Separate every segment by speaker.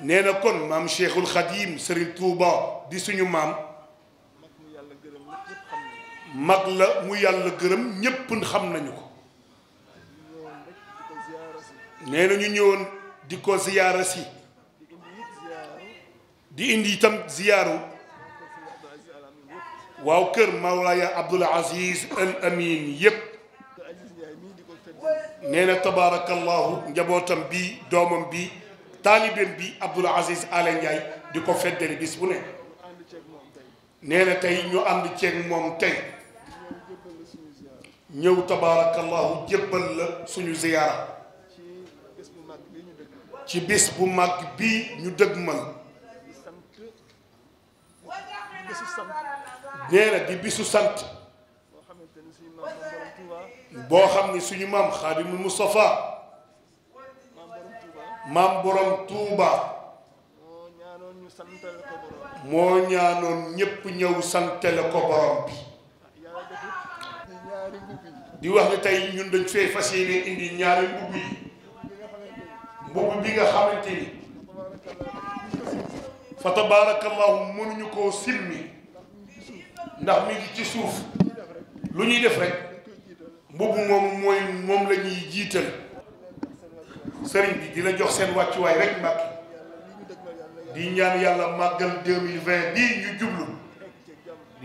Speaker 1: nee na kon maam cheikhul xadim Serigne Touba di suñu maam mag la mu yàlla gërëm ñépp xam nañu ko nee na ñu ñëwoon di ko ziyaara si di indi itam ziyaaru waaw kër Mawlaaya Abdoul Aziz Al Amin yépp nee na tabaarakallahu njabootam bi doomam bi talibem bi abdul Aziz Ala Ndiaye diko ko bis bu ne neena tay ñu ànd ci ak mom tay ñëw tabaarakallahu jeppal la suñu ziyara ci bis bu mag bi ñu deggmal neena di bisu sante bo xamni suñu mam khadim mustafa maam borom Touba. moo ñaanoon ñépp ñëw santale ko borom bi di wax ni tey ñun dañ fee fas yéene indi ñaari mbubb yi mbubb bi nga xamante ni fa mënuñu koo simmi ndax mi ngi ci suuf lu ñuy def rek mbubb moom mooy moom la jiital sëriñ bi di jox seen wàccuwaay rek mbàkk di ñaan yàlla màggal deux mille vingt bii ñu jublu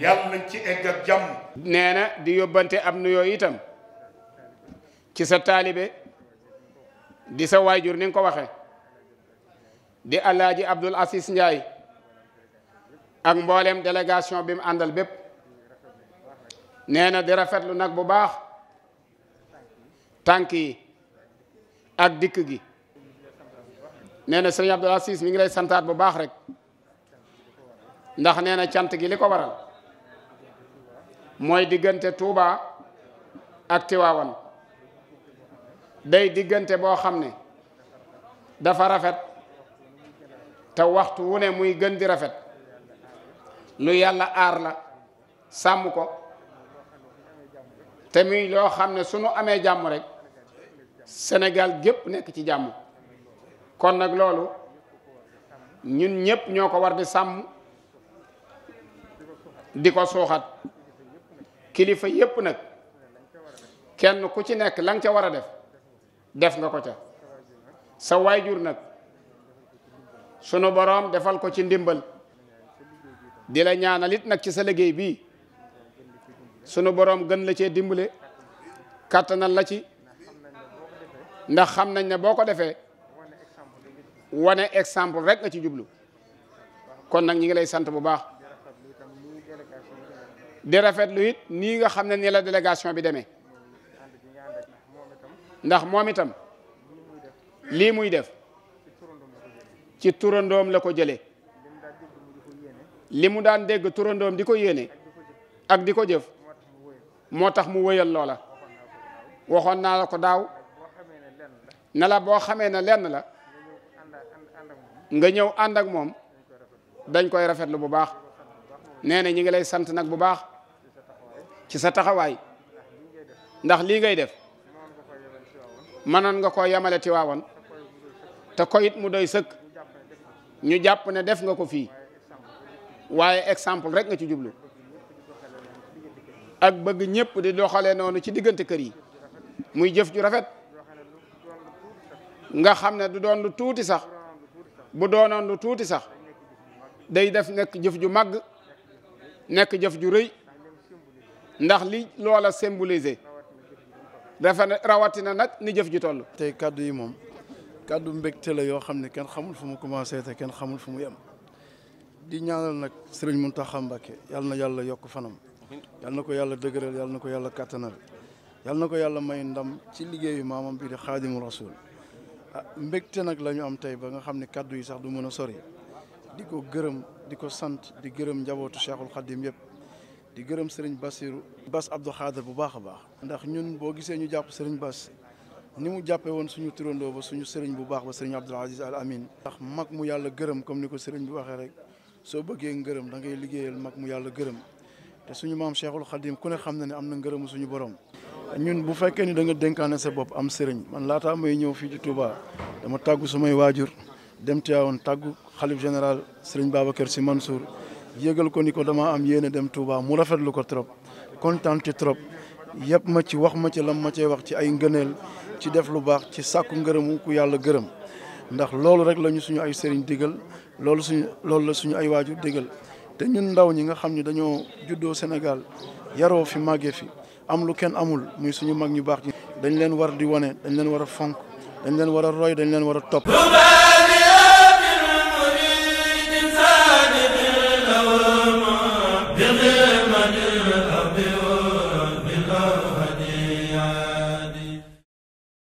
Speaker 1: yàlla nañ ci egg jàmm.
Speaker 2: nee na di yóbbante am nuyoo itam ci sa taalibe di sa waajur ni nga ko waxee di alaaji Abdul Asis Ndiaye ak mboolem délégation bi mu àndal bépp nee na di nag bu baax tànk yi. ak dikk gi nee na sëriñ Abdou Aziz mi ngi lay santaat bu baax rek ndax nee na cant gi li ko waral mooy diggante Touba ak Tiwaawan day diggante boo xam ne dafa rafet te waxtu wu ne muy gën di rafet lu yàlla aar la sàmm ko te muy loo xam ne su sunu amee jàmm rek Sénégal gépp nekk ci jàmm kon nag loolu ñun ñëpp ñoo ko war di sàmm di ko suuxat kilifa yëpp nag kenn ku ci nekk la nga ca war a def def nga ko ca sa waajur nag sunu boroom defal ko ci ndimbal di la ñaanalit nag ci sa liggéey bii sunu boroom gën la cee dimbale kàttanal la ci ndax xam nañ ne boo ko defee wane exemple rek nga ci jublu kon nag ñi ngi lay sant bu baax di rafetlu it nii nga xam ne nii la délégation bi demee ndax moom itam lii muy def ci turandoom la ko jële li mu daan dégg turandoom di ko yéene ak di ko jëf moo tax mu wëyal loola waxoon naa la ko daaw ne la boo xamee ne lenn la nga ñëw ànd ak moom dañ koy rafetlu bu baax nee na ñi ngi lay sant nag bu baax ci sa taxawaay ndax lii ngay def mënoon nga ko yamale Tiwaawan te ko it mu doy sëkk ñu jàpp ne def nga ko fii waaye exemple rek nga ci jublu ak bëgg ñëpp di doxalee noonu ci diggante kër yi muy jëf ju rafet nga xamne du doon lu tuuti sax bu doonon lu tuuti sax day def nek jëf ju mag nek jëf ju reuy ndax li lola symboliser
Speaker 3: dafa rawati na nak ni jëf ju toll. tay kàddu yi mom kàddu mbekté la yo xamne ken xamul fu mu commencé te ken xamul fu mu yem di ñaanal nak Serigne Mountakha Mbacké yalla na yàlla yok fanam yalla nako yàlla dëgëral yalla nako yàlla katanal yalla nako yàlla may ndam ci liggéeyu mamam bi di khadimul rasul Ah, mbégte nag la ñu am tey ba nga xam ni kàddu yi sax du mën a sori di ko gërëm di ko sant di gërëm njabootu Cheikhul Khadim yëpp di gërëm Serigne Bassirou Bass Abdou Khader bu baax a baax. ndax ñun boo gisee ñu jàpp Serigne Bass ni mu jàppee woon suñu turandoo ba suñu Serigne bu baax ba Serigne Abdoul Aziz Al Amin. ndax mag mu yàlla gërëm comme ni ko Serigne bi waxee rek soo bëggee ngërëm da ngay liggéeyal mag mu yàlla gërëm. te suñu maam Cheikhul Khadim ku ne xam na ne am na ngërëmu suñu borom. ñun bu fekkee ni da nga dénkaane sa bopp am sëriñ man laataa may ñëw fii ci Touba dama tàggu sumay waajur dem Tiwaawan tàggu xalif général sëriñ Babacar Sy Mansour yëgal ko ni ko dama am yéene dem Touba mu lu ko trop kontaan ci trop yëpp ma ci wax ma ci lam ma cee wax ci ay ngëneel ci def lu baax ci sàkku ngërëmu ku yàlla gërëm ndax loolu rek lañu suñu ay sëriñ digal loolu suñu loolu la suñu ay waajur te ñun ndaw ñi nga xam ne dañoo juddoo Sénégal yaroo fi màggee fi am lu kenn amul muy suñu mag ñu baax ñi dañu leen war di wane dañu leen war a fonk dañ leen war a roy dañu leen war a topp